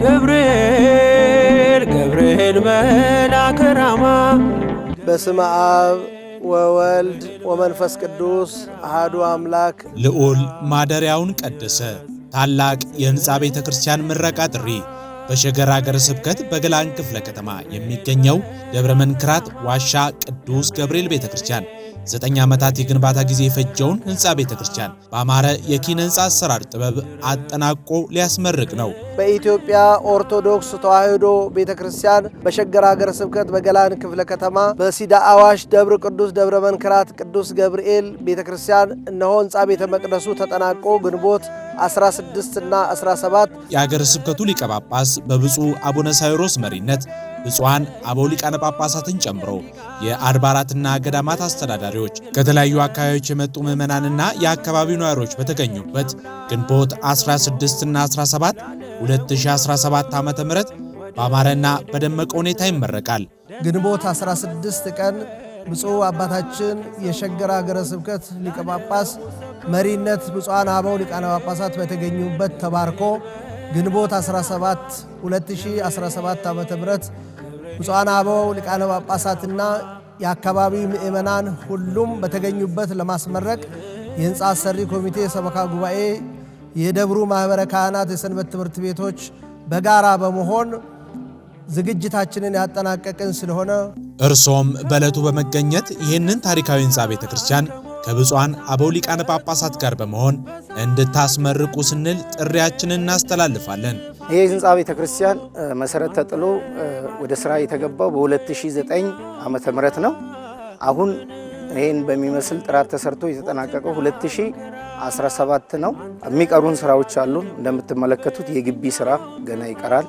ገብርኤል ገብርኤል መልአከ ራማ። በስመ አብ ወወልድ ወመንፈስ ቅዱስ አሃዱ አምላክ። ልዑል ማደሪያውን ቀደሰ። ታላቅ የሕንፃ ቤተ ክርስቲያን ምረቃ ጥሪ በሸገር አገረ ስብከት በገላን ክፍለ ከተማ የሚገኘው ደብረ መንክራት ዋሻ ቅዱስ ገብርኤል ቤተ ክርስቲያን ዘጠኝ ዓመታት የግንባታ ጊዜ የፈጀውን ህንፃ ቤተ ክርስቲያን በአማረ የኪነ ህንፃ አሰራር ጥበብ አጠናቆ ሊያስመርቅ ነው። በኢትዮጵያ ኦርቶዶክስ ተዋሕዶ ቤተ ክርስቲያን በሸገር ሀገረ ስብከት በገላን ክፍለ ከተማ በሲዳ አዋሽ ደብረ ቅዱስ ደብረ መንክራት ቅዱስ ገብርኤል ቤተ ክርስቲያን እነሆ ህንፃ ቤተ መቅደሱ ተጠናቆ ግንቦት 16 እና 17 የአገረ ስብከቱ ሊቀ ጳጳስ በብፁዕ አቡነ ሳይሮስ መሪነት ብፁዓን አበው ሊቃነ ጳጳሳትን ጨምሮ የአድባራትና ገዳማት አስተዳዳሪዎች፣ ከተለያዩ አካባቢዎች የመጡ ምዕመናንና የአካባቢው ነዋሪዎች በተገኙበት ግንቦት 16 እና 17 2017 ም በአማረና በደመቀ ሁኔታ ይመረቃል። ግንቦት 16 ቀን ብፁዕ አባታችን የሸገር አገረ ስብከት ሊቀ ጳጳስ መሪነት ብፁዓን አበው ሊቃነ ጳጳሳት በተገኙበት ተባርኮ ግንቦት 17 2017 ዓ ም ብፁዓን አበው ሊቃነ ጳጳሳትና የአካባቢ ምእመናን ሁሉም በተገኙበት ለማስመረቅ የህንፃ አሰሪ ኮሚቴ ሰበካ ጉባኤ፣ የደብሩ ማኅበረ ካህናት፣ የሰንበት ትምህርት ቤቶች በጋራ በመሆን ዝግጅታችንን ያጠናቀቅን ስለሆነ እርሶም በዕለቱ በመገኘት ይህንን ታሪካዊ ህንፃ ቤተ ክርስቲያን ከብፁዓን አበው ሊቃነ ጳጳሳት ጋር በመሆን እንድታስመርቁ ስንል ጥሪያችንን እናስተላልፋለን። ይህ ህንፃ ቤተ ክርስቲያን መሰረት ተጥሎ ወደ ስራ የተገባው በ2009 ዓመተ ምህረት ነው። አሁን ይህን በሚመስል ጥራት ተሰርቶ የተጠናቀቀው 2017 ነው። የሚቀሩን ስራዎች አሉ። እንደምትመለከቱት የግቢ ስራ ገና ይቀራል።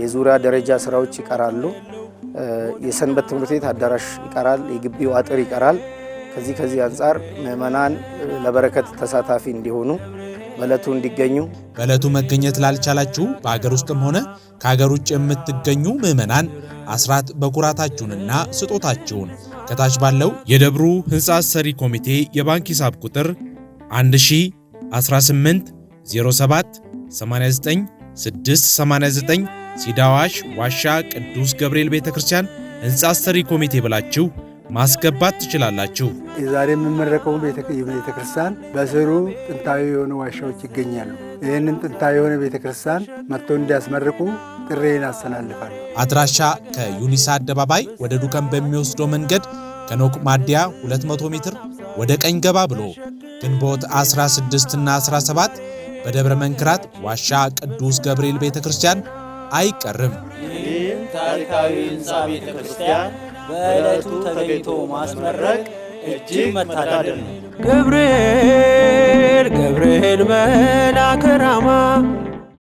የዙሪያ ደረጃ ስራዎች ይቀራሉ። የሰንበት ትምህርት ቤት አዳራሽ ይቀራል። የግቢው አጥር ይቀራል። ከዚህ ከዚህ አንጻር ምዕመናን ለበረከት ተሳታፊ እንዲሆኑ በዕለቱ እንዲገኙ በለቱ መገኘት ላልቻላችሁ በአገር ውስጥም ሆነ ከአገር ውጭ የምትገኙ ምዕመናን አስራት በኩራታችሁንና ስጦታችሁን ከታች ባለው የደብሩ ሕንፃ አሰሪ ኮሚቴ የባንክ ሂሳብ ቁጥር 1018 07 89 689 ሲዳዋሽ ዋሻ ቅዱስ ገብርኤል ቤተ ክርስቲያን ሕንፃ ሰሪ ኮሚቴ ብላችሁ ማስገባት ትችላላችሁ። የዛሬ የምመረቀው ቤተክርስቲያን ቤተ ክርስቲያን በስሩ ጥንታዊ የሆኑ ዋሻዎች ይገኛሉ። ይህንን ጥንታዊ የሆነ ቤተ ክርስቲያን መጥቶ እንዲያስመርቁ ጥሬን አስተላልፋል። አድራሻ ከዩኒሳ አደባባይ ወደ ዱከም በሚወስደው መንገድ ከኖክ ማዲያ 200 ሜትር ወደ ቀኝ ገባ ብሎ ግንቦት 16ና 17 በደብረ መንክራት ዋሻ ቅዱስ ገብርኤል ቤተ ክርስቲያን አይቀርም። ይህም ታሪካዊ ሕንፃ ቤተ ክርስቲያን በዕለቱ ተገኝቶ ማስመረቅ እጅግ መታደል ነው። ገብርኤል ገብርኤል መልአከ ራማ